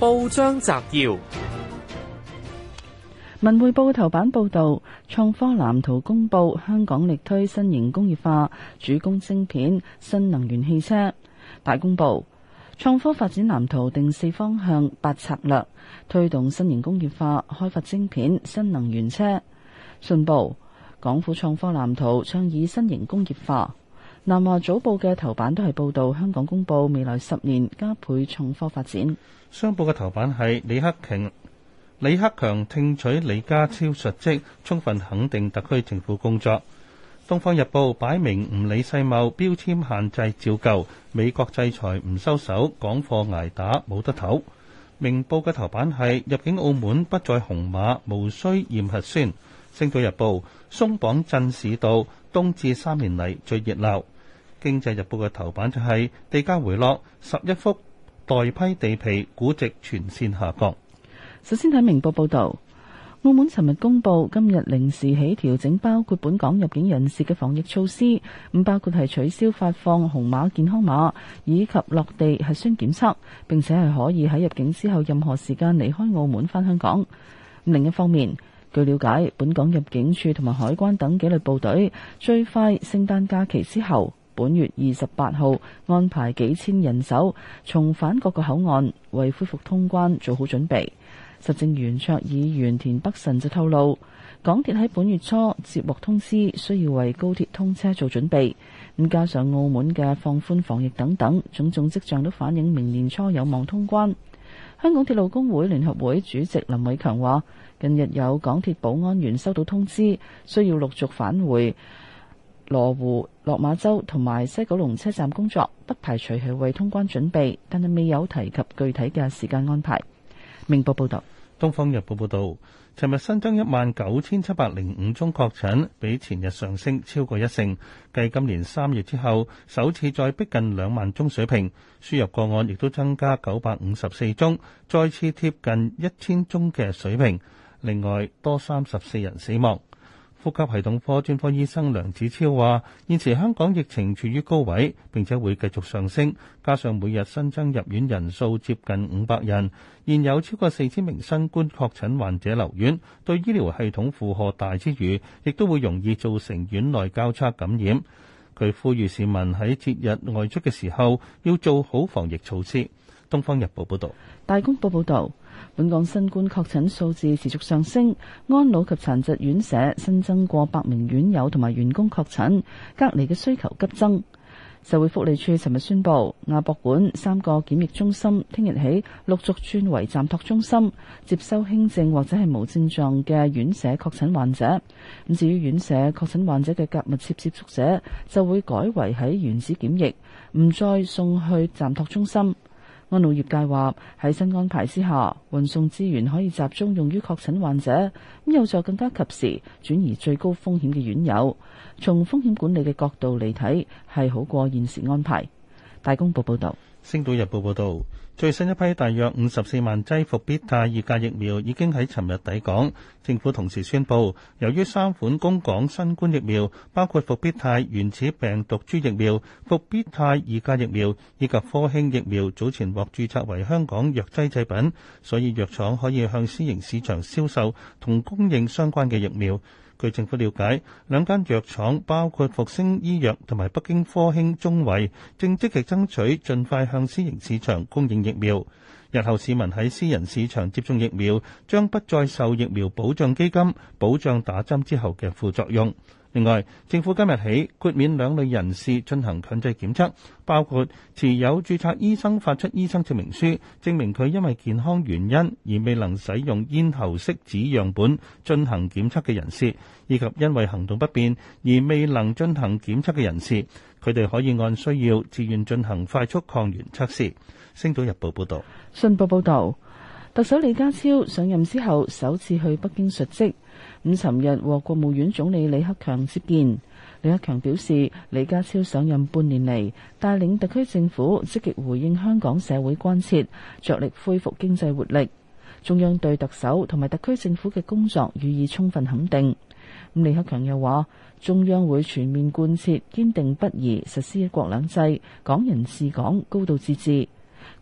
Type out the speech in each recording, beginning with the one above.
報章摘要：《文匯報》頭版報道，創科藍圖公布，香港力推新型工業化，主攻晶片、新能源汽車。大公報：創科發展藍圖定四方向、八策略，推動新型工業化，開發晶片、新能源車。信報：港府創科藍圖倡議新型工業化。南華早報嘅頭版都係報道香港公布未來十年加倍重科發展。商報嘅頭版係李克強，李克強聽取李家超述職，充分肯定特區政府工作。東方日報擺明唔理世貿標籤限制照舊，美國制裁唔收手，港貨捱打冇得唞。明報嘅頭版係入境澳門不再紅碼，無需驗核酸。《星島日報》鬆綁振市道，冬至三年嚟最熱鬧。《經濟日報》嘅頭版就係、是、地價回落，十一幅待批地皮估值全線下降。首先睇明報報道，澳門尋日公布今日零時起調整包括本港入境人士嘅防疫措施，唔包括係取消發放紅碼健康碼，以及落地核酸檢測，並且係可以喺入境之後任何時間離開澳門返香港。另一方面。據了解，本港入境處同埋海關等紀律部隊最快聖誕假期之後，本月二十八號安排幾千人手重返各個口岸，為恢復通關做好準備。實政圓桌議員田北辰就透露，港鐵喺本月初接獲通知，需要為高鐵通車做準備。咁加上澳門嘅放寬防疫等等，種種跡象都反映明年初有望通關。香港鐵路工會聯合會主席林偉強話，近日有港鐵保安員收到通知，需要陸續返回羅湖、落馬洲同埋西九龍車站工作，不排除係為通關準備，但係未有提及具體嘅時間安排。明報報道、東方日報報道。尋日新增一萬九千七百零五宗確診，比前日上升超過一成，繼今年三月之後首次再逼近兩萬宗水平。輸入個案亦都增加九百五十四宗，再次貼近一千宗嘅水平。另外，多三十四人死亡。呼吸系統科專科醫生梁子超話，現時香港疫情處於高位，並且會繼續上升，加上每日新增入院人數接近五百人，現有超過四千名新冠確診患者留院，對醫療系統負荷大之餘，亦都會容易造成院內交叉感染。佢呼籲市民喺節日外出嘅時候要做好防疫措施。《東方日報》報道，《大公報》報道，本港新冠確診數字持續上升，安老及殘疾院舍新增過百名院友同埋員工確診，隔離嘅需求急增。社會福利署尋日宣佈，亞博館三個檢疫中心聽日起陸續轉為暫托中心，接收輕症或者係無症狀嘅院舍確診患者。咁至於院舍確診患者嘅密切接觸者，就會改為喺原址檢疫，唔再送去暫托中心。安老業界話，喺新安排之下，運送資源可以集中用於確診患者，咁有助更加及時轉移最高風險嘅院友。從風險管理嘅角度嚟睇，係好過現時安排。大公報報道。星島日報報道，最新一批大約五十四萬劑復必泰二價疫苗已經喺尋日抵港。政府同時宣佈，由於三款供港新冠疫苗，包括復必泰原始病毒株疫苗、復必泰二價疫苗以及科興疫苗，早前獲註冊為香港藥劑製品，所以藥廠可以向私營市場銷售同供應相關嘅疫苗。據政府了解，兩間藥廠包括復星醫藥同埋北京科興中維，正積極爭取盡快向私營市場供應疫苗。日後市民喺私人市場接種疫苗，將不再受疫苗保障基金保障打針之後嘅副作用。另外，政府今日起豁免兩類人士進行強制檢測，包括持有註冊醫生發出醫生證明書，證明佢因為健康原因而未能使用咽喉拭子樣本進行檢測嘅人士，以及因為行動不便而未能進行檢測嘅人士。佢哋可以按需要，自願進行快速抗原測試。星島日報報道。信報報導。特首李家超上任之後首次去北京述職，咁尋日和國務院總理李克強接見。李克強表示，李家超上任半年嚟，帶領特區政府積極回應香港社會關切，着力恢復經濟活力，中央對特首同埋特區政府嘅工作予以充分肯定。李克強又話，中央會全面貫徹，堅定不移實施一國兩制，港人治港，高度自治。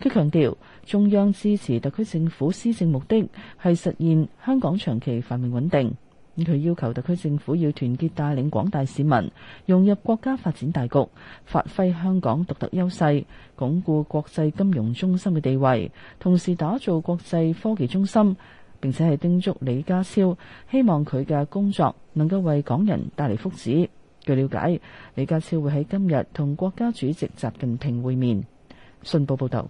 佢強調，中央支持特區政府施政目的係實現香港長期繁榮穩定。咁佢要求特區政府要團結帶領廣大市民融入國家發展大局，發揮香港獨特優勢，鞏固國際金融中心嘅地位，同時打造國際科技中心。並且係叮囑李家超，希望佢嘅工作能夠為港人帶嚟福祉。據了解，李家超會喺今日同國家主席習近平會面。信報報道。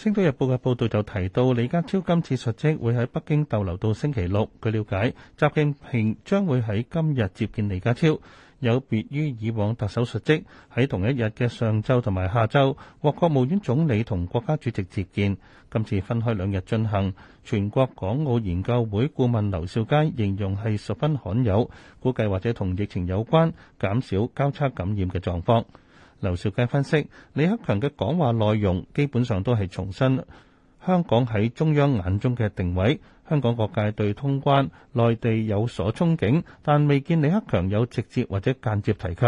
《星島日報》嘅報導就提到，李家超今次述職會喺北京逗留到星期六。據了解，習近平將會喺今日接見李家超，有別於以往特首述職喺同一日嘅上晝同埋下晝獲國務院總理同國家主席接見，今次分開兩日進行。全國港澳研究會顧問劉少佳形容係十分罕有，估計或者同疫情有關，減少交叉感染嘅狀況。劉兆佳分析，李克強嘅講話內容基本上都係重申香港喺中央眼中嘅定位。香港各界對通關內地有所憧憬，但未見李克強有直接或者間接提及。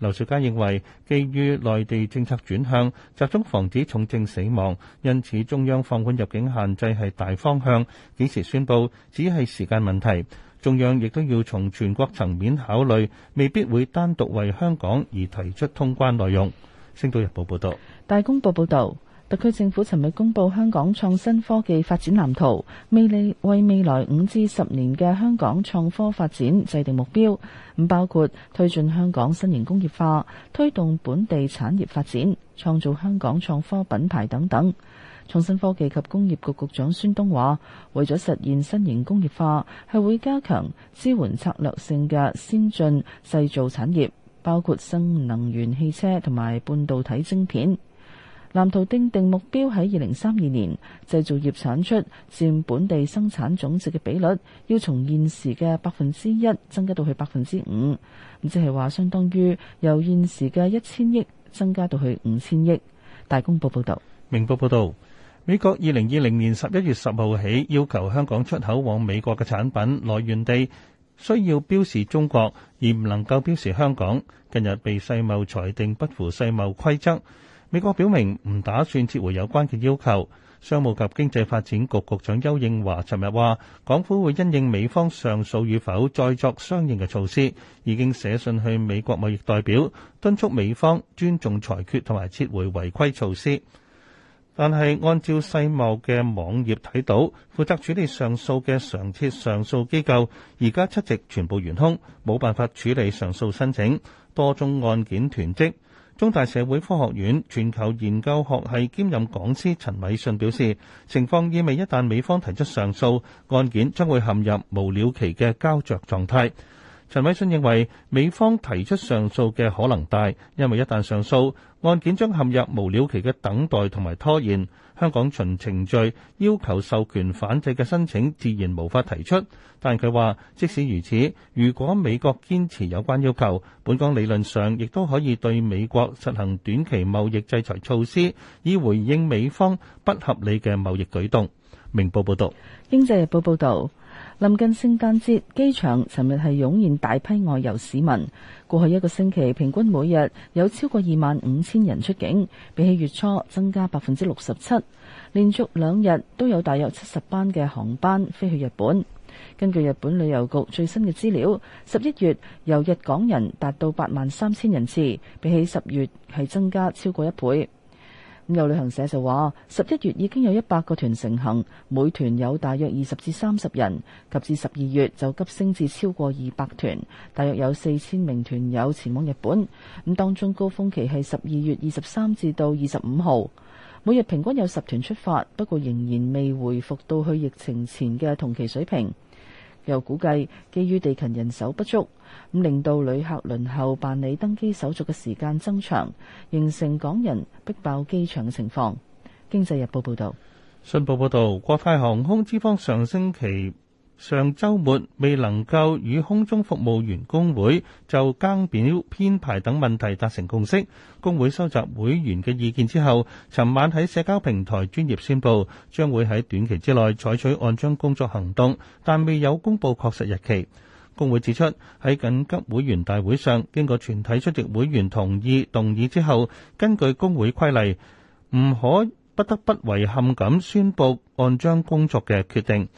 劉兆佳認為，基於內地政策轉向，集中防止重症死亡，因此中央放寬入境限制係大方向。幾時宣布，只係時間問題。中央亦都要從全國層面考慮，未必會單獨為香港而提出通關內容。星島日報報道。大公報報道，特區政府尋日公布香港創新科技發展藍圖，未嚟為未來五至十年嘅香港創科發展制定目標，咁包括推進香港新型工業化、推動本地產業發展、創造香港創科品牌等等。創新科技及工業局局長孫東話：為咗實現新型工業化，係會加強支援策略性嘅先進製造產業，包括新能源汽車同埋半導體晶片。藍圖訂定目標喺二零三二年，製造業產出佔本地生產總值嘅比率，要從現時嘅百分之一增加到去百分之五，咁即係話相當於由現時嘅一千億增加到去五千億。大公報報道。明報報導。美國二零二零年十一月十號起要求香港出口往美國嘅產品來源地需要標示中國，而唔能夠標示香港。近日被世貿裁定不符世貿規則，美國表明唔打算撤回有關嘅要求。商務及經濟發展局局長邱騰華尋日話，港府會因應美方上訴與否，再作相應嘅措施。已經寫信去美國貿易代表敦促美方尊重裁決同埋撤回違規措施。但係，按照世貿嘅網頁睇到，負責處理上訴嘅常設上訴機構而家七席全部完空，冇辦法處理上訴申請，多宗案件囤積。中大社會科學院全球研究學系兼任講師陳偉信表示，情況意味一旦美方提出上訴，案件將會陷入無了期嘅膠着狀態。陳偉信認為美方提出上訴嘅可能大，因為一旦上訴，案件將陷入無了期嘅等待同埋拖延。香港循程序要求授權反制嘅申請自然無法提出。但佢話，即使如此，如果美國堅持有關要求，本港理論上亦都可以對美國實行短期貿易制裁措施，以回應美方不合理嘅貿易舉動。明報報道，《經濟日報》報道。臨近聖誕節，機場尋日係湧現大批外遊市民。過去一個星期，平均每日有超過二萬五千人出境，比起月初增加百分之六十七。連續兩日都有大約七十班嘅航班飛去日本。根據日本旅遊局最新嘅資料，十一月由日港人達到八萬三千人次，比起十月係增加超過一倍。咁有旅行社就話，十一月已經有一百個團成行，每團有大約二十至三十人，及至十二月就急升至超過二百團，大約有四千名團友前往日本。咁當中高峰期係十二月二十三至到二十五號，每日平均有十團出發，不過仍然未回復到去疫情前嘅同期水平。又估計，基於地勤人手不足。令到旅客輪候辦理登機手續嘅時間增長，形成港人逼爆機場嘅情況。經濟日報報道，信報報道，國泰航空之方上星期上周末未能夠與空中服務員工會就更表編排等問題達成共識。工會收集會員嘅意見之後，尋晚喺社交平台專業宣布，將會喺短期之內採取按章工作行動，但未有公布確實日期。工會指出，喺緊急會員大會上，經過全體出席會員同意、動議之後，根據工會規例，唔可不得不遺憾咁宣佈按章工作嘅決定。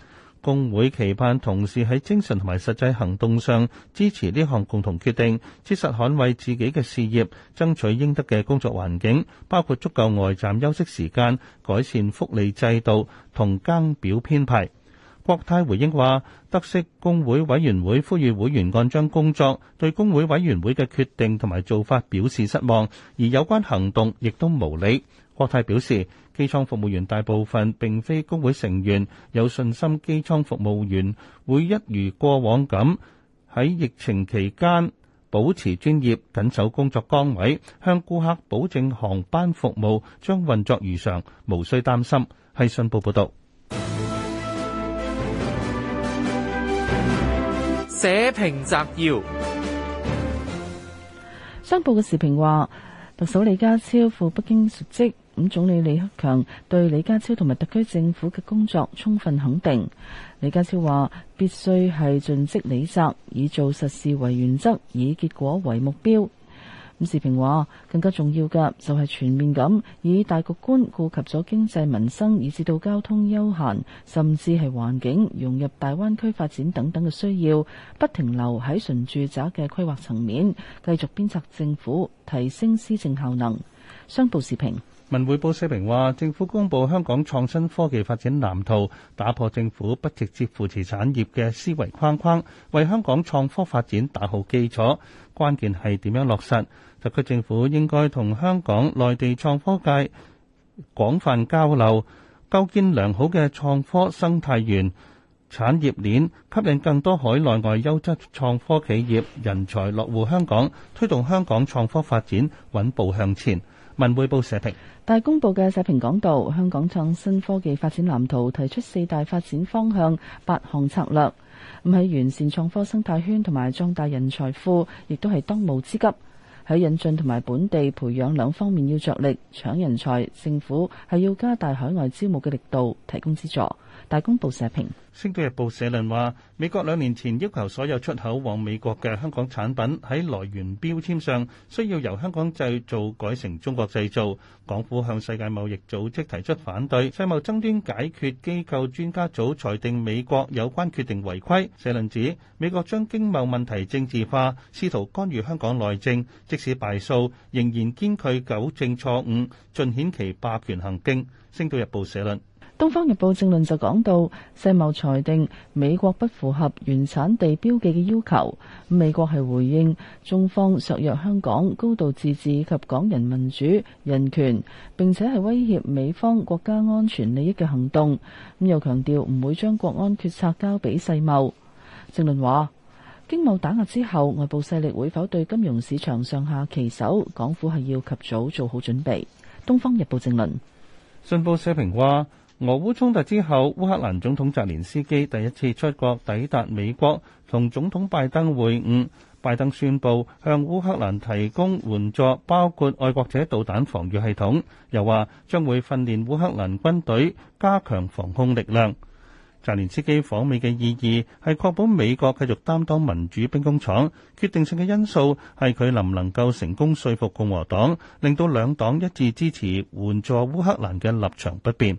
工會期盼同事喺精神同埋實際行動上支持呢項共同決定，切實捍衛自己嘅事業，爭取應得嘅工作環境，包括足夠外站休息時間，改善福利制度、同更表編排。國泰回應話，德式工會委員會呼籲會員按章工作，對工會委員會嘅決定同埋做法表示失望，而有關行動亦都無理。國泰表示，機艙服務員大部分並非工會成員，有信心機艙服務員會一如過往咁，喺疫情期間保持專業，緊守工作崗位，向顧客保證航班服務將運作如常，無需擔心，係信報報道。社評摘要：商報嘅時評話，特首李家超赴北京述職，咁總理李克強對李家超同埋特區政府嘅工作充分肯定。李家超話，必須係盡職履責，以做實事為原則，以結果為目標。伍志平話：更加重要嘅就係全面咁以大局觀顧及咗經濟民生，以至到交通、休閒，甚至係環境融入大灣區發展等等嘅需要，不停留喺純住宅嘅規劃層面，繼續鞭策政府提升施政效能。商報時評。文匯報社評話，政府公布香港創新科技發展藍圖，打破政府不直接扶持產業嘅思維框框，為香港創科發展打好基礎。關鍵係點樣落實？特區政府應該同香港內地創科界廣泛交流，構建良好嘅創科生態園產業鏈，吸引更多海內外優質創科企業人才落戶香港，推動香港創科發展穩步向前。文匯報社評，大公報嘅社評講到，香港創新科技發展藍圖提出四大發展方向、八項策略，唔係完善創科生態圈同埋壯大人才庫，亦都係當務之急。喺引進同埋本地培養兩方面要着力搶人才，政府係要加大海外招募嘅力度，提供資助。大公報社評，《星島日報》社論話：美國兩年前要求所有出口往美國嘅香港產品喺來源標籤上需要由香港製造改成中國製造。港府向世界貿易組織提出反對，世貿爭端解決機構專家組裁定美國有關決定違規。社論指美國將經貿問題政治化，試圖干預香港內政，即使敗訴，仍然堅拒糾正錯誤，盡顯其霸權行徑。《星島日報》社論。《東方日報政論就講到》政論就講到世貿裁定美國不符合原產地標記嘅要求，美國係回應中方削弱香港高度自治及港人民主人權，並且係威脅美方國家安全利益嘅行動。咁又強調唔會將國安決策交俾世貿。政論話經貿打壓之後，外部勢力會否對金融市場上下其手，港府係要及早做好準備。《東方日報》政論，信報社評話。俄烏衝突之後，烏克蘭總統澤連斯基第一次出國，抵達美國同總統拜登會晤。拜登宣佈向烏克蘭提供援助，包括愛國者導彈防禦系統，又話將會訓練烏克蘭軍隊，加強防空力量。澤連斯基訪美嘅意義係確保美國繼續擔當民主兵工廠。決定性嘅因素係佢能唔能夠成功說服共和黨，令到兩黨一致支持援助烏克蘭嘅立場不變。